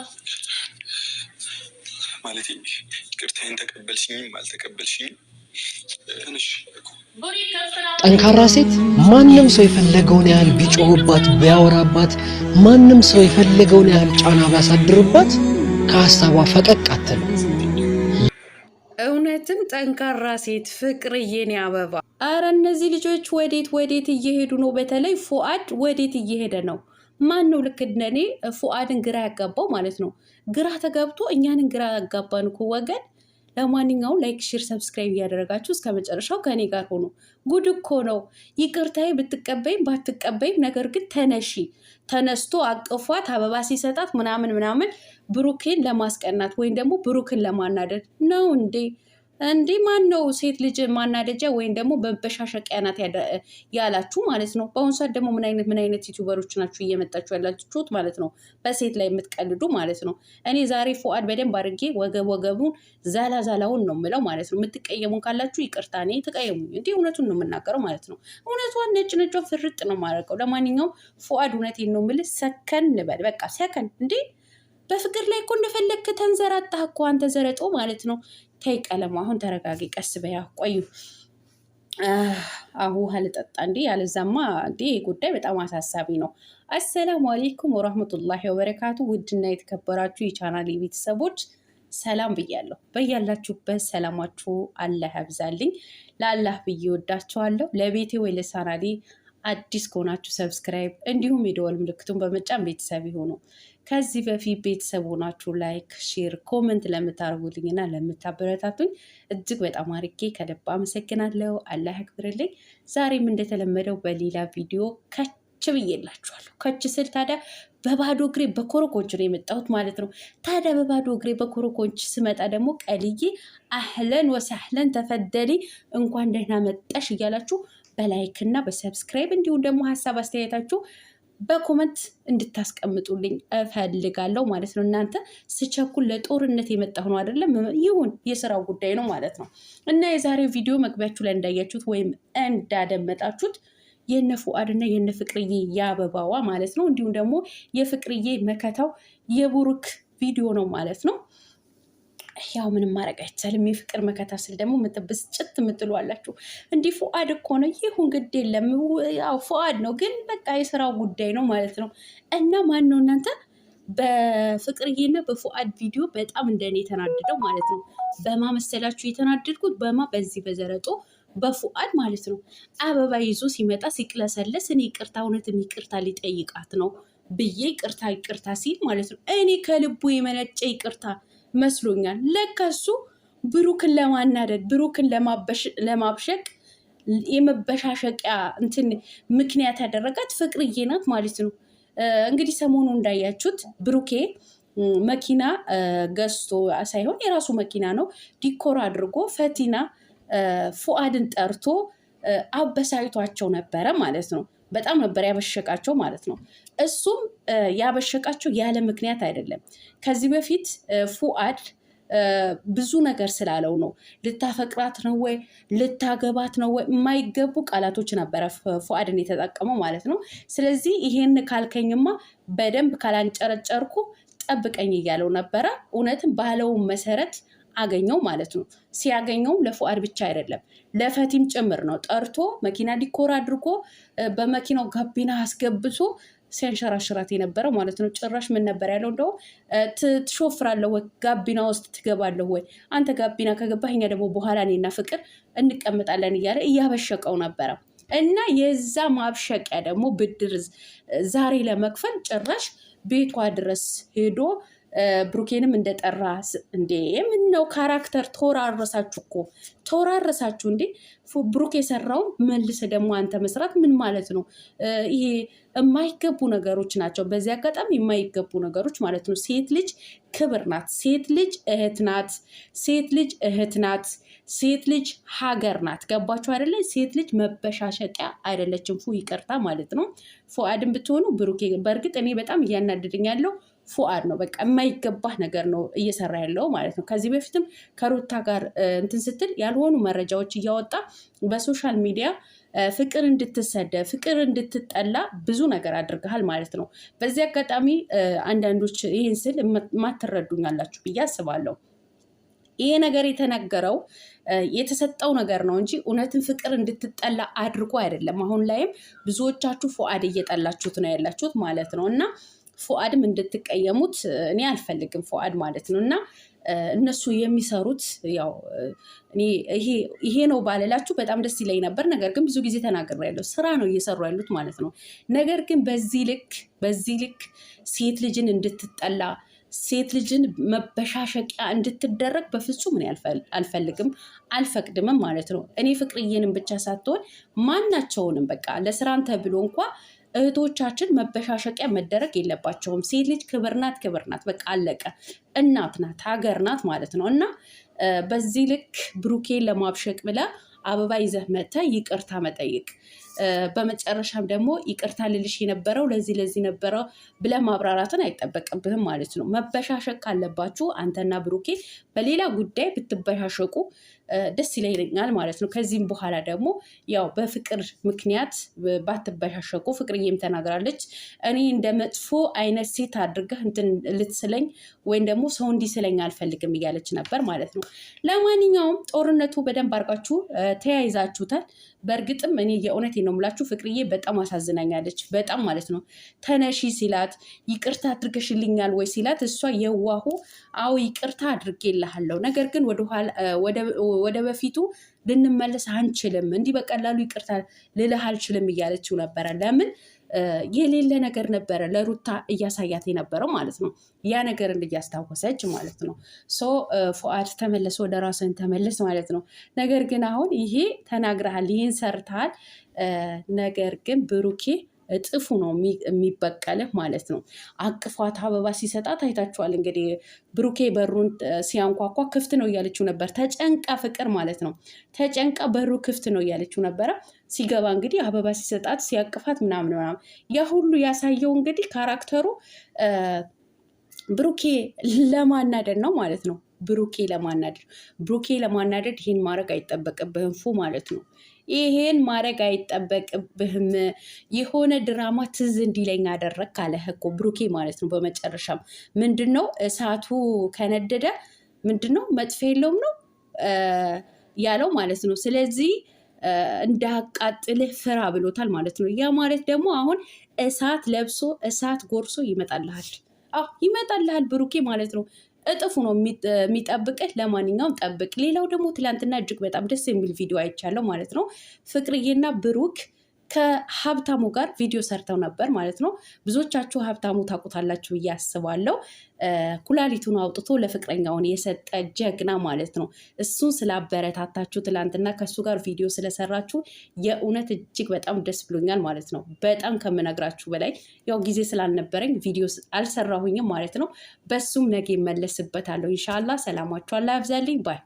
ነው ማለት ይቅርታዬን ተቀበልሽኝም አልተቀበልሽኝም ጠንካራ ሴት ማንም ሰው የፈለገውን ያህል ቢጮህባት ቢያወራባት፣ ማንም ሰው የፈለገውን ያህል ጫና ቢያሳድርባት ከሀሳቧ ፈቀቅ አትልም። እውነትም ጠንካራ ሴት ፍቅርዬን ያበባ። አረ እነዚህ ልጆች ወዴት ወዴት እየሄዱ ነው? በተለይ ፉአድ ወዴት እየሄደ ነው? ማን ነው ልክ እንደኔ ፉአድን ግራ ያጋባው ማለት ነው። ግራ ተገብቶ እኛንን ግራ ያጋባን እኮ ወገን። ለማንኛውም ላይክ፣ ሼር፣ ሰብስክራይብ እያደረጋችሁ እስከ መጨረሻው ከእኔ ጋር ሆኖ ጉድ እኮ ነው። ይቅርታዬ ብትቀበይም ባትቀበይም ነገር ግን ተነሺ። ተነስቶ አቅፏት አበባ ሲሰጣት ምናምን ምናምን ብሩክን ለማስቀናት ወይም ደግሞ ብሩክን ለማናደድ ነው እንዴ? እንዲህ ማን ነው ሴት ልጅ ማናደጃ ወይም ደግሞ በበሻሸቂያ ናት ያላችሁ ማለት ነው። በአሁኑ ሰዓት ደግሞ ምን አይነት ምን አይነት ዩቲዩበሮች ናችሁ እየመጣችሁ ያላችሁት ማለት ነው፣ በሴት ላይ የምትቀልዱ ማለት ነው። እኔ ዛሬ ፎአድ በደንብ አድርጌ ወገብ ወገቡን ዛላ ዛላውን ነው ምለው ማለት ነው። የምትቀየሙን ካላችሁ ይቅርታ፣ እኔ ተቀየሙ እንዲ እውነቱን ነው የምናገረው ማለት ነው። እውነቷን ነጭ ነጯ ፍርጥ ነው ማድረገው። ለማንኛውም ፎአድ እውነቴን ነው ምልህ፣ ሰከን በል በቃ ሰከን እንዴ በፍቅር ላይ እኮ እንደፈለግክ ተንዘራጣህ እኮ አንተ ዘረጦ ማለት ነው። ተይ ቀለሙ፣ አሁን ተረጋጊ፣ ቀስ በያ ቆዩ። አሁ ልጠጣ እንዲ ያለዛማ እንዲ ጉዳይ በጣም አሳሳቢ ነው። አሰላሙ አሌይኩም ወራህመቱላሂ ወበረካቱ። ውድና የተከበራችሁ የቻናል ቤተሰቦች ሰላም ብያለሁ። በያላችሁበት ሰላማችሁ አላህ ያብዛልኝ። ለአላህ ብዬ ወዳችኋለሁ። ለቤቴ ወይ ለሳናሌ አዲስ ከሆናችሁ ሰብስክራይብ፣ እንዲሁም የደወል ምልክቱን በመጫን ቤተሰብ የሆኑ ከዚህ በፊት ቤተሰብ ሆናችሁ ላይክ፣ ሼር፣ ኮመንት ለምታደርጉልኝና ለምታበረታቱኝ እጅግ በጣም አርጌ ከልብ አመሰግናለሁ። አላህ ያክብርልኝ። ዛሬም እንደተለመደው በሌላ ቪዲዮ ከች ብዬላችኋለሁ። ከች ስል ታዲያ በባዶ እግሬ በኮረኮንች ነው የመጣሁት ማለት ነው። ታዲያ በባዶ እግሬ በኮረኮንች ስመጣ ደግሞ ቀልዬ አህለን ወሳህለን ተፈደሊ እንኳን ደህና መጣሽ እያላችሁ በላይክ እና በሰብስክራይብ እንዲሁም ደግሞ ሀሳብ አስተያየታችሁ በኮመንት እንድታስቀምጡልኝ እፈልጋለሁ ማለት ነው። እናንተ ስቸኩል ለጦርነት የመጣሁ ነው አይደለም፣ ይሁን የስራው ጉዳይ ነው ማለት ነው እና የዛሬው ቪዲዮ መግቢያችሁ ላይ እንዳያችሁት ወይም እንዳደመጣችሁት የነ ፉአድና የነ ፍቅርዬ የአበባዋ ማለት ነው እንዲሁም ደግሞ የፍቅርዬ መከታው የቡሩክ ቪዲዮ ነው ማለት ነው። ያው ምንም ማድረግ አይቻልም። የፍቅር መከታ ስል ደግሞ ብስጭት የምትሉ አላችሁ። እንዲህ ፉአድ እኮ ነው ይሁን ግድ የለም ያው ፉአድ ነው፣ ግን በቃ የስራው ጉዳይ ነው ማለት ነው። እና ማን ነው እናንተ በፍቅርዬና በፉአድ ቪዲዮ በጣም እንደኔ የተናደደው ማለት ነው። በማ መሰላችሁ የተናደድኩት በማ በዚህ በዘረጦ በፉአድ ማለት ነው። አበባ ይዞ ሲመጣ ሲቅለሰለስ እኔ ቅርታ እውነትም ይቅርታ ሊጠይቃት ነው ብዬ ቅርታ ይቅርታ ሲል ማለት ነው እኔ ከልቡ የመነጨ ይቅርታ መስሎኛል። ለካ እሱ ብሩክን ለማናደድ ብሩክን ለማብሸቅ የመበሻሸቂያ እንትን ምክንያት ያደረጋት ፍቅርዬ ናት ማለት ነው። እንግዲህ ሰሞኑ እንዳያችሁት ብሩኬ መኪና ገዝቶ ሳይሆን የራሱ መኪና ነው ዲኮር አድርጎ ፈቲና ፉአድን ጠርቶ አበሳጭቷቸው ነበረ ማለት ነው። በጣም ነበር ያበሸቃቸው ማለት ነው። እሱም ያበሸቃቸው ያለ ምክንያት አይደለም። ከዚህ በፊት ፉአድ ብዙ ነገር ስላለው ነው። ልታፈቅራት ነው ወይ ልታገባት ነው ወይ የማይገቡ ቃላቶች ነበረ ፉአድን የተጠቀመው ማለት ነው። ስለዚህ ይሄን ካልከኝማ በደንብ ካላንጨረጨርኩ ጠብቀኝ እያለው ነበረ። እውነትም ባለው መሰረት አገኘው ማለት ነው። ሲያገኘውም ለፉአድ ብቻ አይደለም ለፈቲም ጭምር ነው። ጠርቶ መኪና ዲኮር አድርጎ በመኪናው ጋቢና አስገብቶ ሲያንሸራሽራት የነበረ ማለት ነው። ጭራሽ ምን ነበር ያለው? እንደው ትሾፍራለሁ ወይ ጋቢና ውስጥ ትገባለሁ ወይ አንተ ጋቢና ከገባህ እኛ ደግሞ በኋላ እኔና ፍቅር እንቀመጣለን እያለ እያበሸቀው ነበረ። እና የዛ ማብሸቂያ ደግሞ ብድር ዛሬ ለመክፈል ጭራሽ ቤቷ ድረስ ሄዶ ብሩኬንም እንደጠራ እንዴ፣ ምን ነው ካራክተር ተወራረሳችሁ እኮ ተወራረሳችሁ እንዴ። ብሩክ የሰራውን መልሰ ደግሞ አንተ መስራት ምን ማለት ነው? ይሄ የማይገቡ ነገሮች ናቸው። በዚህ አጋጣሚ የማይገቡ ነገሮች ማለት ነው። ሴት ልጅ ክብር ናት። ሴት ልጅ እህት ናት። ሴት ልጅ እህት ናት። ሴት ልጅ ሀገር ናት። ገባችሁ አይደለ? ሴት ልጅ መበሻሸቂያ አይደለችም። ፉ ይቅርታ ማለት ነው። ፉአድን ብትሆኑ ብሩኬ፣ በእርግጥ እኔ በጣም እያናደደኝ ያለው ፉአድ ነው። በቃ የማይገባህ ነገር ነው እየሰራ ያለው ማለት ነው። ከዚህ በፊትም ከሩታ ጋር እንትን ስትል ያልሆኑ መረጃዎች እያወጣ በሶሻል ሚዲያ ፍቅር እንድትሰደብ ፍቅር እንድትጠላ ብዙ ነገር አድርገሃል ማለት ነው። በዚህ አጋጣሚ አንዳንዶች ይህን ስል ማትረዱኛላችሁ ብዬ አስባለሁ። ይሄ ነገር የተነገረው የተሰጠው ነገር ነው እንጂ እውነትን ፍቅር እንድትጠላ አድርጎ አይደለም። አሁን ላይም ብዙዎቻችሁ ፉአድ እየጠላችሁት ነው ያላችሁት ማለት ነው እና ፉአድም እንድትቀየሙት እኔ አልፈልግም። ፉአድ ማለት ነው እና እነሱ የሚሰሩት ያው ይሄ ነው ባለላችሁ በጣም ደስ ይለኝ ነበር። ነገር ግን ብዙ ጊዜ ተናግሬ ያለው ስራ ነው እየሰሩ ያሉት ማለት ነው። ነገር ግን በዚህ ልክ በዚህ ልክ ሴት ልጅን እንድትጠላ ሴት ልጅን መበሻሸቂያ እንድትደረግ በፍጹም እኔ አልፈልግም አልፈቅድምም ማለት ነው። እኔ ፍቅርዬንም ብቻ ሳትሆን ማናቸውንም በቃ ለስራን ተብሎ እንኳ እህቶቻችን መበሻሸቂያ መደረግ የለባቸውም። ሴት ልጅ ክብር ናት፣ ክብር ናት፣ በቃ አለቀ። እናት ናት፣ ሀገር ናት ማለት ነው። እና በዚህ ልክ ብሩኬን ለማብሸቅ ብለህ አበባ ይዘህ መጥተህ ይቅርታ መጠየቅ በመጨረሻም ደግሞ ይቅርታ ልልሽ የነበረው ለዚህ ለዚህ ነበረው ብለ ማብራራትን አይጠበቅብህም ማለት ነው። መበሻሸቅ ካለባችሁ አንተና ብሩኬ በሌላ ጉዳይ ብትበሻሸቁ ደስ ይለኛል ማለት ነው። ከዚህም በኋላ ደግሞ ያው በፍቅር ምክንያት ባትበሻሸቁ፣ ፍቅርዬም ተናግራለች እኔ እንደ መጥፎ አይነት ሴት አድርገህ እንትን ልትስለኝ ወይም ደግሞ ሰው እንዲስለኝ አልፈልግም እያለች ነበር ማለት ነው። ለማንኛውም ጦርነቱ በደንብ አድርጋችሁ ተያይዛችሁታል። በእርግጥም እኔ የእውነት ነው ምላችሁ ፍቅርዬ በጣም አሳዝናኛለች። በጣም ማለት ነው። ተነሺ ሲላት ይቅርታ አድርገሽልኛል ወይ ሲላት እሷ የዋሁ አዎ ይቅርታ አድርጌልሃለሁ፣ ነገር ግን ወደ በፊቱ ልንመለስ አንችልም፣ እንዲህ በቀላሉ ይቅርታ ልልህ አልችልም እያለችው ነበረ ለምን የሌለ ነገር ነበረ ለሩታ እያሳያት የነበረው ማለት ነው። ያ ነገርን እያስታወሰች ማለት ነው። ሶ ፉአድ ተመለስ፣ ወደ ራስን ተመለስ ማለት ነው። ነገር ግን አሁን ይሄ ተናግረሃል፣ ይህን ሰርተሃል፣ ነገር ግን ብሩኬ እጥፉ ነው የሚበቀልህ ማለት ነው። አቅፏት አበባ ሲሰጣት አይታችኋል እንግዲህ ብሩኬ በሩን ሲያንኳኳ ክፍት ነው እያለችው ነበር። ተጨንቃ ፍቅር ማለት ነው ተጨንቃ በሩ ክፍት ነው እያለችው ነበረ። ሲገባ እንግዲህ አበባ ሲሰጣት ሲያቅፋት ምናምን ምናምን ያ ሁሉ ያሳየው እንግዲህ ካራክተሩ ብሩኬ ለማናደድ ነው ማለት ነው። ብሩኬ ለማናደድ ብሩኬ ለማናደድ ይህን ማድረግ አይጠበቅብህም ፉ ማለት ነው። ይሄን ማድረግ አይጠበቅብህም። የሆነ ድራማ ትዝ እንዲለኝ አደረግ አለ እኮ ብሩኬ ማለት ነው። በመጨረሻም ምንድን ነው እሳቱ ከነደደ ምንድን ነው የለውም ነው ያለው ማለት ነው። ስለዚህ እንዳቃጥልህ ፍራ ብሎታል ማለት ነው። ያ ማለት ደግሞ አሁን እሳት ለብሶ እሳት ጎርሶ ይመጣልሃል፣ ይመጣልሃል ብሩኬ ማለት ነው። እጥፉ ነው የሚጠብቅህ። ለማንኛውም ጠብቅ። ሌላው ደግሞ ትላንትና እጅግ በጣም ደስ የሚል ቪዲዮ አይቻለው ማለት ነው ፍቅርዬና ብሩክ ከሀብታሙ ጋር ቪዲዮ ሰርተው ነበር ማለት ነው። ብዙዎቻችሁ ሀብታሙ ታውቁታላችሁ ብዬ አስባለሁ። ኩላሊቱን አውጥቶ ለፍቅረኛውን የሰጠ ጀግና ማለት ነው። እሱን ስላበረታታችሁ ትላንትና ከእሱ ጋር ቪዲዮ ስለሰራችሁ የእውነት እጅግ በጣም ደስ ብሎኛል ማለት ነው። በጣም ከምነግራችሁ በላይ ያው ጊዜ ስላልነበረኝ ቪዲዮ አልሰራሁኝም ማለት ነው። በሱም ነገ ይመለስበታለሁ። ኢንሻላ ሰላማችኋላ ያብዛልኝ ባይ